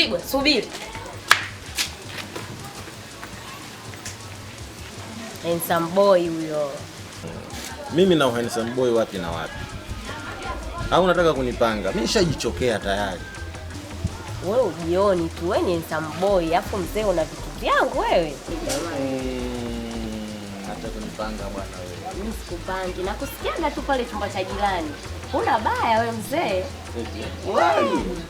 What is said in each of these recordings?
Mzigwe, subiri. Handsome boy huyo. Mimi na handsome boy wapi na wapi? Au unataka kunipanga? Mimi nishajichokea tayari. Wewe ujioni tu, wewe ni handsome boy, afu mzee una vitu vyangu wewe kupanga bwana wewe? Mimi sikupangi, na tu pale chumba cha jirani. Una baya wewe mzee?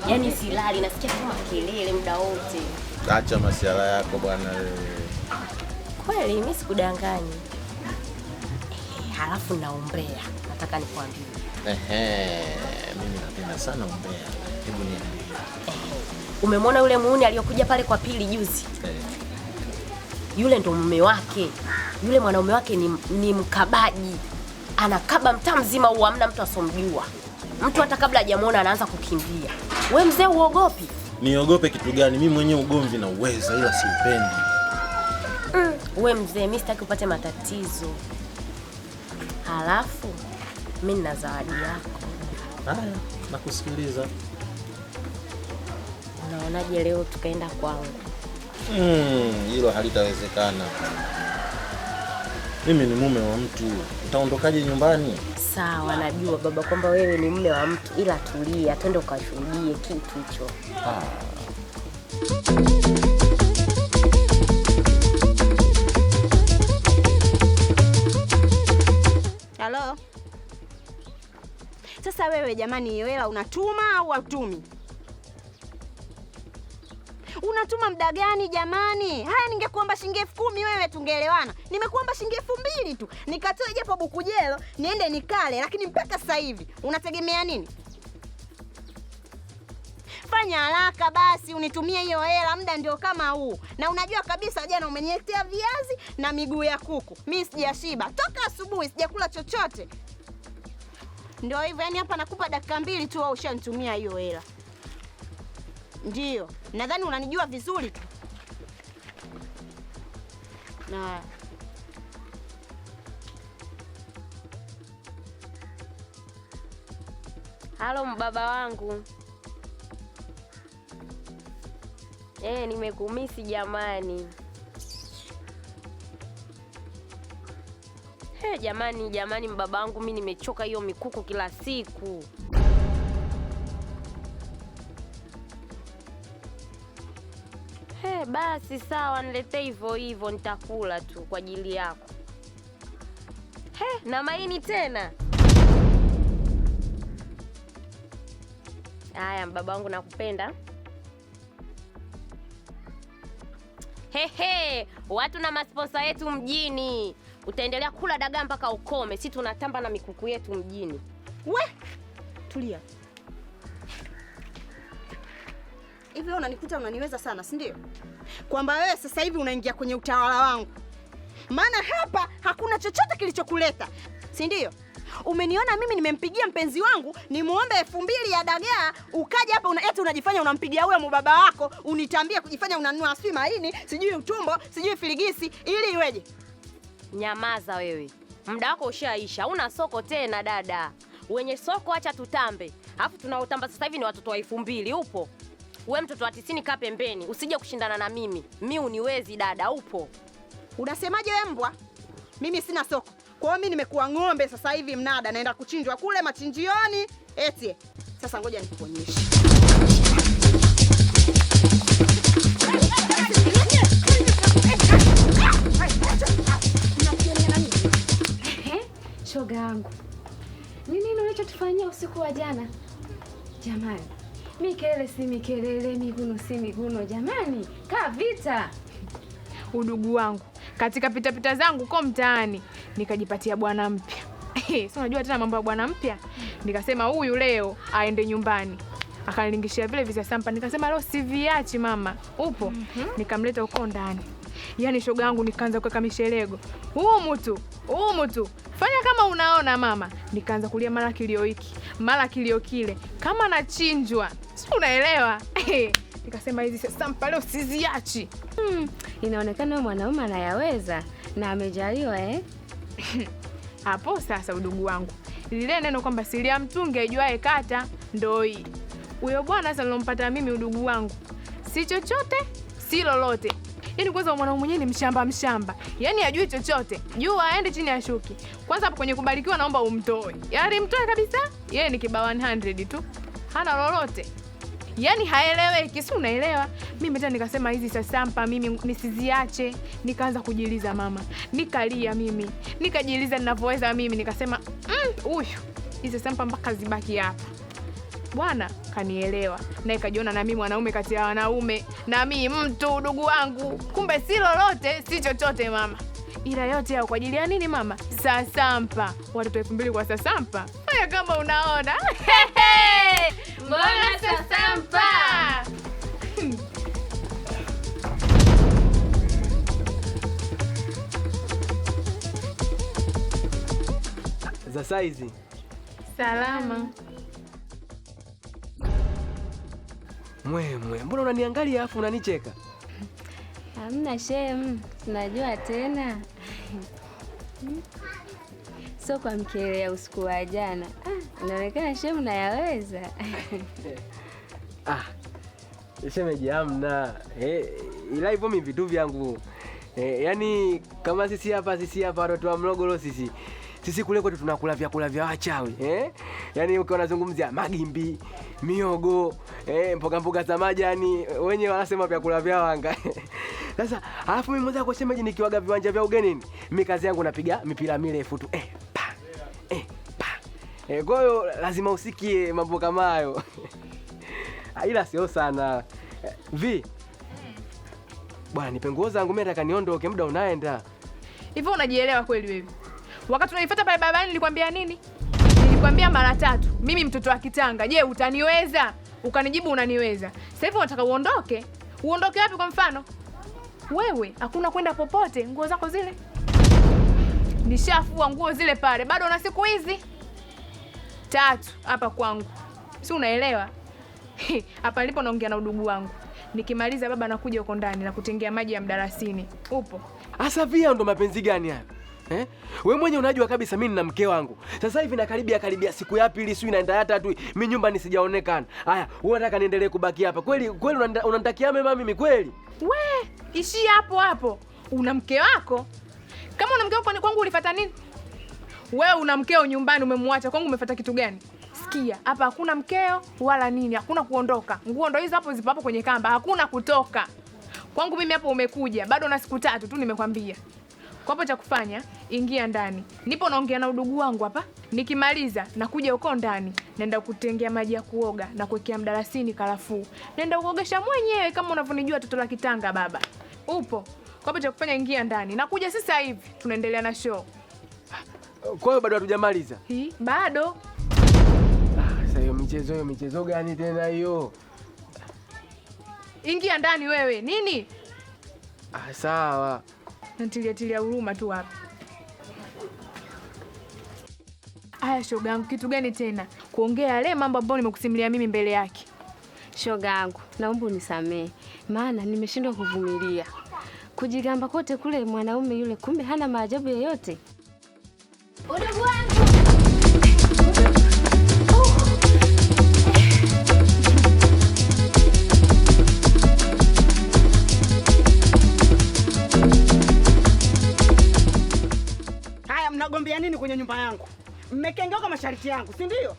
Yaani silali, nasikia kama kelele muda wote. Acha masiala yako bwana wewe. Kweli mimi sikudanganyi. Eh, halafu naombea, nataka nikwambie. Ehe, mimi napenda sana umbea. Hebu niambie. Eh, umemwona yule muuni aliyokuja pale kwa pili juzi? Eh. Yule ndo mume wake yule mwanaume wake ni, ni mkabaji, anakaba mtaa mzima huo, amna mtu asomjua mtu hata kabla hajamwona anaanza kukimbia. We mzee, uogopi? Niogope kitu gani? Mimi mwenyewe ugomvi na uweza, ila siupendi. Mm, we mzee, mi sitaki upate matatizo. Halafu mi nina zawadi yako. Haya, nakusikiliza. Unaonaje leo tukaenda kwangu? Mm, hilo mm, halitawezekana. Mimi ni mume wa mtu, utaondokaje nyumbani? Sawa, najua baba kwamba wewe ni mume wa mtu, ila tulia, twende ukashuhudie kitu hicho. Halo, ah. sasa wewe jamani, hiyo hela unatuma au hutumi? unatuma mda gani jamani? Haya, ningekuomba shilingi elfu kumi wewe tungeelewana. Nimekuomba shilingi elfu mbili tu nikatoe japo bukujelo niende nikale, lakini mpaka sasa hivi unategemea nini? Fanya haraka basi unitumie hiyo hela, muda ndio kama huu, na unajua kabisa jana umeniletea viazi na miguu ya kuku. Mi sijashiba toka asubuhi, sijakula chochote. Ndio hivyo, yani hapa nakupa dakika mbili tu, au ushanitumia hiyo hela. Ndiyo, nadhani unanijua vizuri tu na halo mbaba wangu. Eh, nimekumisi jamani. He, jamani jamani, mbaba wangu, mi nimechoka hiyo mikuku kila siku. He, basi sawa, niletee hivyo hivyo, nitakula tu kwa ajili yako. He, na maini tena. Haya, mbaba wangu nakupenda. Hehe, watu na masponsa yetu mjini, utaendelea kula dagaa mpaka ukome. Si tunatamba na mikuku yetu mjini. We, tulia. Hivi wewe unanikuta unaniweza sana, si ndio? Kwamba wewe sasa hivi unaingia kwenye utawala wangu, maana hapa hakuna chochote kilichokuleta, si ndio? Umeniona mimi nimempigia mpenzi wangu nimuombe elfu mbili ya dagaa, ukaja hapa una eti unajifanya unampigia huyo mubaba wako, unitambie kujifanya unanua sijui maini sijui utumbo sijui filigisi, ili iweje? Nyamaza wewe, muda wako ushaisha, una soko tena dada. Wenye soko acha tutambe, alafu tunaotamba sasa hivi ni watoto wa elfu mbili. Upo We mtoto wa tisini, kaa pembeni, usije kushindana na mimi. Mi uniwezi dada, upo unasemaje? We mbwa, mimi sina soko kwao, mi nimekuwa ng'ombe sasa hivi mnada, naenda kuchinjwa kule machinjioni. Eti sasa ngoja nikuonyeshe shoga yangu, ni nini ulichotufanyia usiku wa jana jamani? Mikele si mikelele, miguno si miguno. Jamani, kavita udugu wangu katika pitapita zangu ko mtaani nikajipatia bwana mpya. Si unajua tena mambo ya bwana mpya, nikasema huyu leo aende nyumbani akanilingishia vile visa sampa, nikasema leo siviachi mama, upo mm -hmm. Nikamleta huko ndani Yaani shoga yangu nikaanza kuweka misherego humu tu humu tu, fanya kama unaona mama. Nikaanza kulia mara kilio hiki mara kilio kile, kama nachinjwa, si unaelewa? Nikasema hizi sasa leo usiziachi. Hmm, inaonekana huyo mwanaume anayaweza na amejaliwa eh? Hapo sasa udugu wangu, lile neno kwamba silia mtungi aijuae kata, ndo hii huyo bwana sasa nilompata mimi udugu wangu, si chochote si lolote Yaani kwanza mwanaume mwenyewe ni mshamba mshamba, yaani ajui chochote, juu aende chini ya shuki. Kwanza hapo kwenye kubarikiwa, naomba umtoe, yaani mtoe kabisa. Yeye ni kiba 100 tu, hana lolote, yaani haeleweki. Si unaelewa? Mimi tena nikasema hizi sasampa mimi nisiziache, nikaanza kujiuliza mama, nikalia mimi, Nikajiuliza ninavyoweza mimi, nikasema huyu mm, hizi sasampa mpaka zibaki hapa bwana kanielewa naye na nami mwanaume kati ya wanaume, nami mtu dugu wangu, kumbe si lolote si chochote mama, ila yote yao kwa ajili ya nini mama? Sasampa watoto elfu mbili kwa sasampa. Haya, kama unaona mbona sasampa za saizi salama mwe mbona unaniangalia afu unanicheka? Hamna shemu, tunajua tena. So kwa mkelea usiku wa jana ah, inaonekana shemu nayaweza. Ah, shemeji hamna eh, ila hivyo mimi vitu vyangu eh, kama sisi hapa sisi hapa watoto wa Mlogolo sisi sisi kule kwetu tunakula vyakula vya wachawi eh? Yaani ukiwa unazungumzia magimbi, miogo, eh, mboga mboga za majani, wenyewe wanasema vyakula vya wanga. Sasa alafu mimi mmoja kwa shemeji nikiwaga viwanja vya ugeni, mimi kazi yangu napiga mipira mirefu tu. Eh, pa. Eh, pa. Eh, kwa hiyo lazima usikie mambo kama hayo. Ila sio sana. Eh, vi. Bwana nipe nguo zangu mimi nataka niondoke, muda unaenda. Hivyo unajielewa kweli wewe? Wakati unaifuata pale barabarani nilikwambia nini? Nilikwambia mara tatu, mimi mtoto wa Kitanga. Je, utaniweza? Ukanijibu unaniweza. Sasa hivi unataka uondoke? Uondoke wapi? Kwa mfano wewe, hakuna kwenda popote. Nguo zako zile nishafua, nguo zile pale, bado na siku hizi tatu hapa kwangu, si unaelewa? Hapa nilipo naongea na udugu wangu, nikimaliza baba nakuja huko ndani na kutengea maji ya mdarasini. Upo? Asa pia ndo mapenzi gani haya? Eh? We mwenye unajua kabisa mimi nina mke wangu. Sasa hivi na karibia karibia siku ya pili sio inaenda ya tatu. Mimi nyumba sijaonekana. Haya, wewe unataka niendelee kubaki hapa. Kweli kweli unanitakia mema mimi kweli? We, ishi hapo hapo. Una mke wako? Kama una mke wako kwangu ulifuata nini? Wewe una mkeo nyumbani umemwacha. Kwangu umefuata kitu gani? Sikia, hapa hakuna mkeo wala nini. Hakuna kuondoka. Nguo ndo hizo hapo zipo hapo kwenye kamba. Hakuna kutoka. Kwangu mimi hapo umekuja. Bado na siku tatu tu nimekwambia. Kwa hapo cha kufanya, ingia ndani. Nipo naongea na udugu wangu hapa, nikimaliza nakuja huko ndani, naenda kutengea maji ya kuoga na kuwekea mdalasini, karafuu, naenda kuogesha mwenyewe kama unavyonijua toto la kitanga. Baba upo? Kwa hapo cha kufanya, ingia ndani, nakuja sasa hivi, tunaendelea na show. Kwa hiyo bado hatujamaliza hii? Bado. Ah, sasa hiyo michezo hiyo michezo gani tena hiyo? Ingia ndani wewe, nini? Ah, sawa natiliatilia huruma tu hapa. Aya shoga yangu, kitu gani tena kuongea yale mambo ambayo nimekusimulia mimi mbele yake? Shoga yangu, naomba unisamehe, maana nimeshindwa kuvumilia kujigamba kote kule. Mwanaume yule kumbe hana maajabu yoyote. nyumba yangu, mmekengeuka masharti yangu, si ndio?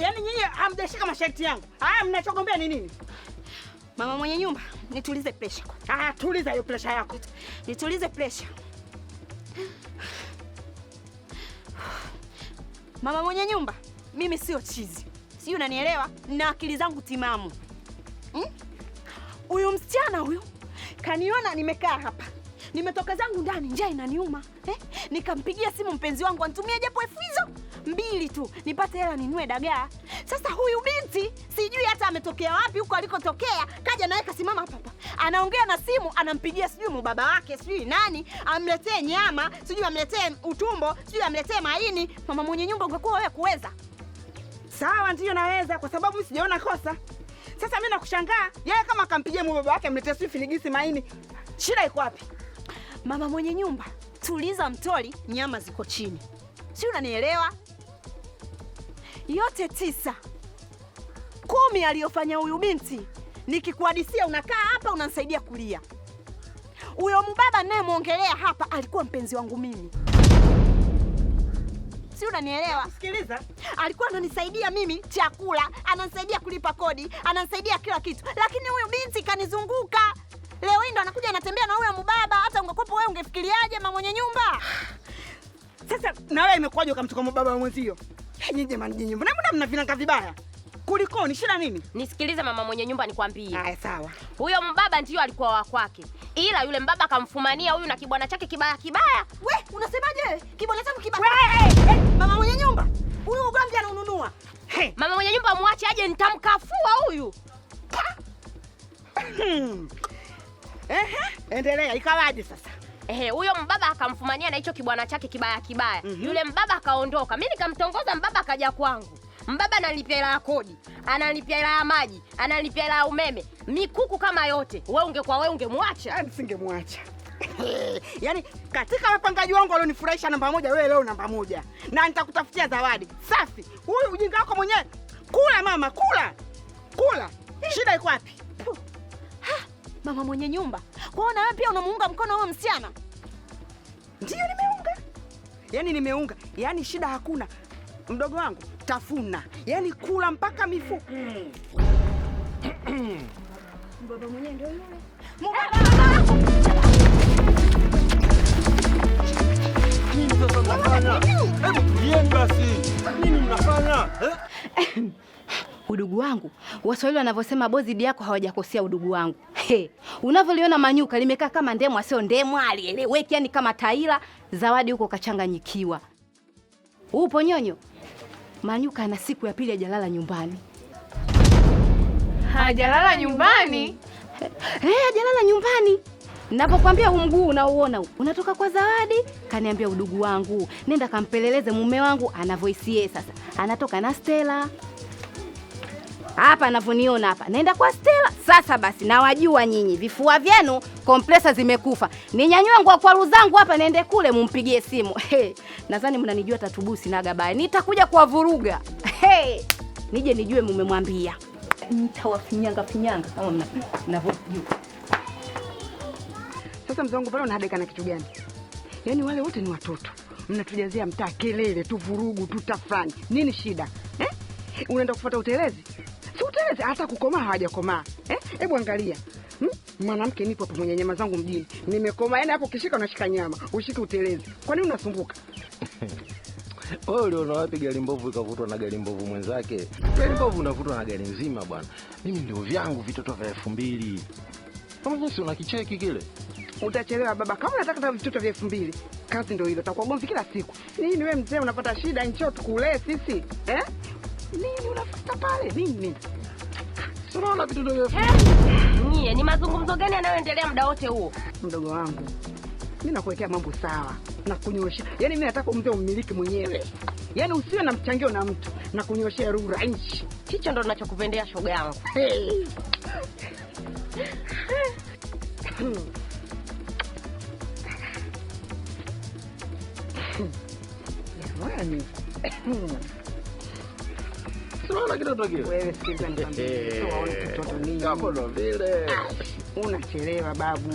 Yaani nyinyi hamjashika masharti yangu. Haya, mnachogombea ni nini? Mama mwenye nyumba, nitulize pressure. Ah, tuliza hiyo pressure yako, nitulize pressure. Mama mwenye nyumba, mimi sio chizi, sio, unanielewa, na akili zangu timamu. Hmm? Huyu hmm? msichana huyu kaniona nimekaa hapa Nimetoka zangu ndani, njaa inaniuma eh? Nikampigia simu mpenzi wangu anitumie japo elfu hizo mbili tu nipate hela ninue dagaa. Sasa huyu binti sijui hata ametokea wapi, huko alikotokea kaja naye kasimama hapa hapa, anaongea na simu, anampigia sijui mubaba wake sijui nani amletee nyama sijui amletee utumbo sijui amletee maini. Mama mwenye nyumba, ungekuwa wewe kuweza? Sawa, ndiyo naweza, kwa sababu sijaona kosa. Sasa mimi nakushangaa yeye, kama akampigia mubaba wake amletee sijui filigisi maini, shida iko wapi? Mama mwenye nyumba, tuliza mtoli nyama ziko chini, si unanielewa? Yote tisa kumi aliyofanya huyu binti nikikuhadisia, unakaa hapa unanisaidia kulia. Huyo mbaba ninayemwongelea hapa alikuwa mpenzi wangu mimi, si unanielewa? Sikiliza, alikuwa ananisaidia mimi chakula, ananisaidia kulipa kodi, ananisaidia kila kitu, lakini huyu binti kanizunguka Leo hii ndo anakuja anatembea na huyo mbaba. Hata ungekuwepo wewe ungefikiriaje mama mwenye nyumba? Sasa na wewe imekuwaje ukamchukua mbaba wa mwenzio? Yaani jamani nyinyi mbona mbona mnavinanga vibaya? Kulikoni shida nini? Nisikilize mama mwenye nyumba nikwambie. Haya sawa. Huyo mbaba ndio alikuwa wa kwake. Ila yule mbaba akamfumania huyu na kibwana chake kibaya kibaya. We, unasemaje? Kibwana chake kibaya. Hey, hey, hey. Mama mwenye nyumba. Huyu ugambi anaununua. Hey. Mama mwenye nyumba muache aje nitamkafua huyu. Endelea, ikawaje sasa? Ehe, huyo mbaba akamfumania na hicho kibwana chake kibaya kibaya. mm -hmm. Yule mbaba akaondoka, mi nikamtongoza mbaba, akaja kwangu. Mbaba analipia hela ya kodi, analipia hela ya maji, analipia hela ya umeme, mikuku kama yote. We ungekuwa we ungemwacha? Singemwacha. Yaani katika wapangaji wangu walionifurahisha namba moja, wewe leo namba moja, na nitakutafutia zawadi safi. Huyu ujinga wako mwenyewe, kula mama, kula kula. Shida iko wapi? mama mwenye nyumba. Kwa hiyo na wewe pia unamuunga mkono huyo msichana? Ndiyo, nimeunga. Yaani nimeunga, yaani shida hakuna. Mdogo wangu tafuna, yaani kula mpaka mifuko. baba mwenyewe ndio yule. Mbaba mnafanya? Hebu udugu wangu. Waswahili wanavyosema bozi yako hawajakosea udugu wangu. He, unavyoliona manyuka limekaa kama ndemwa, sio ndemwa, alieleweki yani kama taila. Zawadi huko kachanganyikiwa. Upo nyonyo? Manyuka ana siku ya pili hajalala nyumbani. Hajalala nyumbani? Eh, hajalala nyumbani. Napokwambia huu mguu unaouona unatoka kwa Zawadi, kaniambia udugu wangu, nenda kampeleleze mume wangu anavyoisie sasa. Anatoka na Stella hapa anavyoniona hapa, naenda kwa Stella. Sasa basi, nawajua nyinyi vifua vyenu, kompresa zimekufa. Ninyanyue nguo kwaru zangu hapa, niende kule mumpigie simu. Hey, nadhani mnanijua tatubusi naga gabaya, nitakuja kuwavuruga. Hey, nije nijue mumemwambia, nitawafinyanga finyanga kama mnavyojua. Sasa mzee wangu pale, unahadeka na kitu gani? Yaani wale wote ni watoto, mnatujazia mtaa kelele tu, vurugu tu, tafrani nini, shida eh? Unaenda kufuata utelezi hawezi hata kukomaa hawajakomaa. Eh, hebu eh, angalia hmm? Mwanamke nipo hapo mwenye nyama zangu mjini, nimekomaa. yani hapo ukishika unashika nyama, ushike utelezi. Kwa nini unasumbuka? Wewe uliona wapi gari mbovu ikavutwa na gari mbovu mwenzake? Gari mbovu unavutwa na gari nzima bwana. Mimi ndio vyangu vitoto vya elfu mbili. Kama jinsi una kicheki kile. Utachelewa baba, kama unataka ta vitoto vya elfu mbili, kazi ndo hilo, takuwa gomvi kila siku. Nini we mzee, unapata shida nchoo tukulee sisi eh? Nini unafuta pale nini? tunaona vitu ndio nyie. Ni mazungumzo gani yanayoendelea muda wote huo? Mdogo wangu, mi nakuwekea mambo sawa na kunyosha, yaani mi nataka umpe umiliki mwenyewe, yaani usiwe na mchangio na mtu na kunyoshea rura nchi. Hicho ndo nachokupendea shoga yangu. Hey unaona kitoto kile. Wewe sikiliza nikwambie, unaona nini? Kama ndo vile. Unachelewa babu.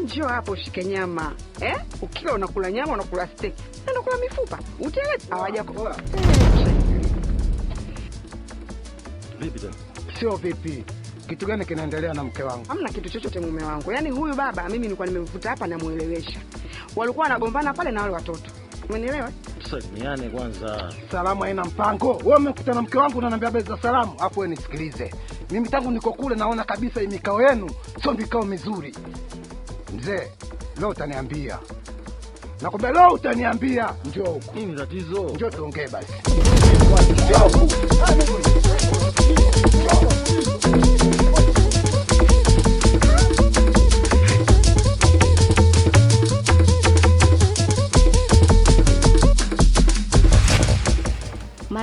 Njoo hapo ushike nyama. Eh? Ukiwa unakula nyama unakula steak. Na unakula mifupa. Utele hawaja kwa. Vipi tena? Sio vipi. Kitu gani kinaendelea na mke wangu? Hamna kitu chochote mume wangu. Yaani huyu baba mimi nilikuwa nimemvuta hapa namuelewesha. Walikuwa wanagombana pale na wale watoto. Umenielewa? Msalimiane kwanza. Salamu haina mpango. Wewe umekutana na mke wangu unaniambia bei za salamu, afu wewe nisikilize. Mimi tangu niko kule naona kabisa hii mikao yenu sio mikao mizuri. Mzee, leo utaniambia. Nakwambia leo utaniambia, njoo huko. Nini tatizo? Njoo tuongee basi.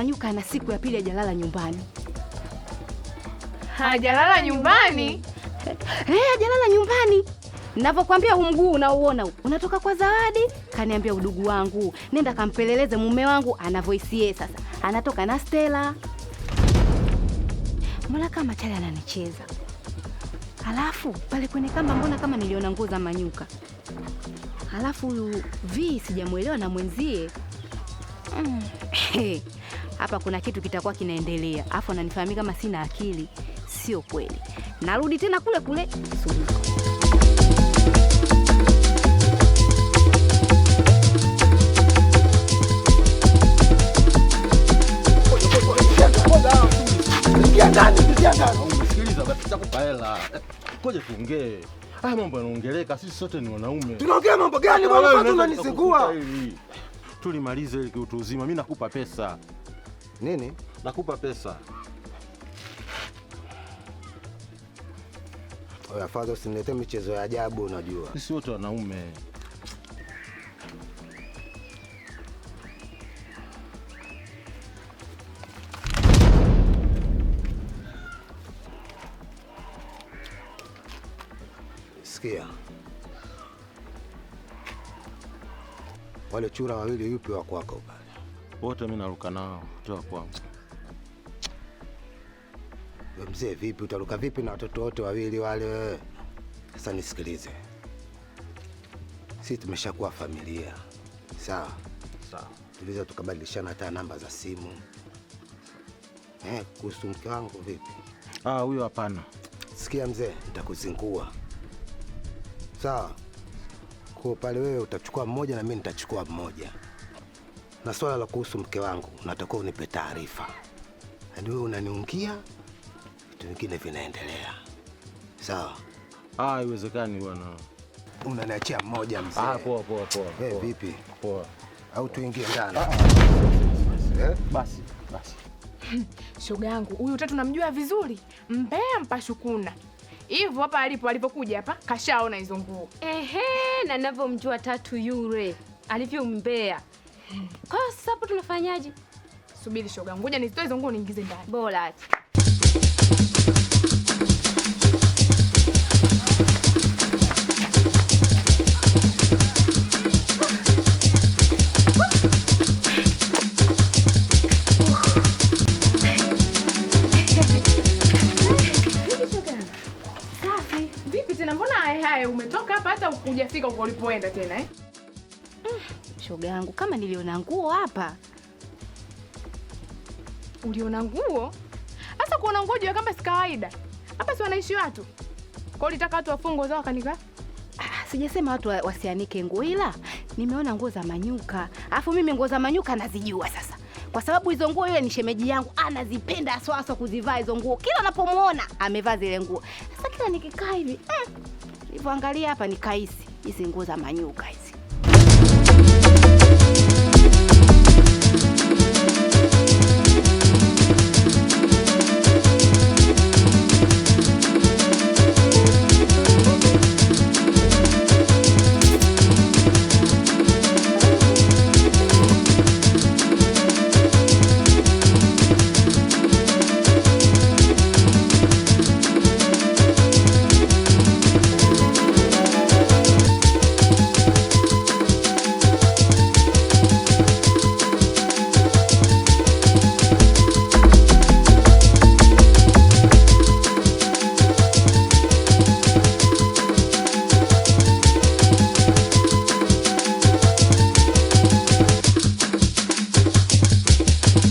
Nyuka ana siku ya pili hajalala nyumbani. Hajalala nyumbani? Eh, hajalala nyumbani. Navyokwambia huu mguu unaouona huu unatoka kwa Zawadi, kaniambia udugu wangu, nenda kampeleleze mume wangu anavyoisie sasa, anatoka na Stella. Mbona kama chale ananicheza? alafu pale kwenye kamba, mbona kama niliona nguo za Manyuka? alafu huyu vi sijamwelewa na mwenzie mm. Eh hapa kuna kitu kitakuwa kinaendelea, afu ananifahamia kama sina akili. Sio kweli. Narudi tena kule kule Suluko. Koja tuongee. Haya mambo yanaongeleka, sisi sote ni wanaume. Tunaongea mambo gani bwana? Unanisingua. Tulimalize ile kiutu uzima. Mimi nakupa pesa nini? Nakupa pesa. Oya fadha, usiniletee michezo ya ajabu. Unajua sisi wote wanaume. Sikia, wale chura wawili, yupi wa kwako? wote mimi naruka nao, toa kwangu. Mzee vipi, utaruka vipi na watoto wote wawili wale? Wewe sasa nisikilize, sisi tumeshakuwa familia, sawa sawa. tuliza tukabadilishana hata namba za simu eh. Kuhusu mke wangu vipi? Ah, huyo hapana. Sikia mzee, nitakuzingua sawa. Kwa pale wewe utachukua mmoja na mimi nitachukua mmoja na swala la kuhusu mke wangu unatakiwa unipe taarifa, yaani wewe unaniungia vitu vingine vinaendelea. Sawa? Ah, haiwezekani bwana, unaniachia mmoja mzee. Ah, poa poa poa. Hey, eh, vipi? Poa. Au tuingie ndani? Ah, ah. Eh? Basi basi. Shoga yangu huyu tatu namjua vizuri, mbea mpashukuna hivyo hapa alipo alipokuja hapa kashaona hizo nguo. Ehe, na navyomjua tatu yule alivyombea kwa hiyo sasa hapo tunafanyaje? Subiri shoga, ngoja nizitoe hizo nguo niingize ndani. Bora ati. Vipi tena, mbona umetoka hapa hata hujafika uko ulipoenda tena eh? shoga yangu, kama niliona nguo hapa. Uliona nguo? Sasa kuona nguo jua kama si kawaida hapa, si wanaishi watu. Kwa hiyo ulitaka watu wafungo zao kanika? Ah, sijasema watu wasianike nguo, ila nimeona nguo za manyuka, alafu mimi nguo za manyuka nazijua sasa kwa sababu hizo nguo yule ni shemeji yangu anazipenda haswa haswa kuzivaa hizo nguo. Kila anapomuona amevaa zile nguo. Sasa kila nikikaa hivi mm, nilivyoangalia mm, hapa nikaisi hizi nguo za manyuka hizi Thank you.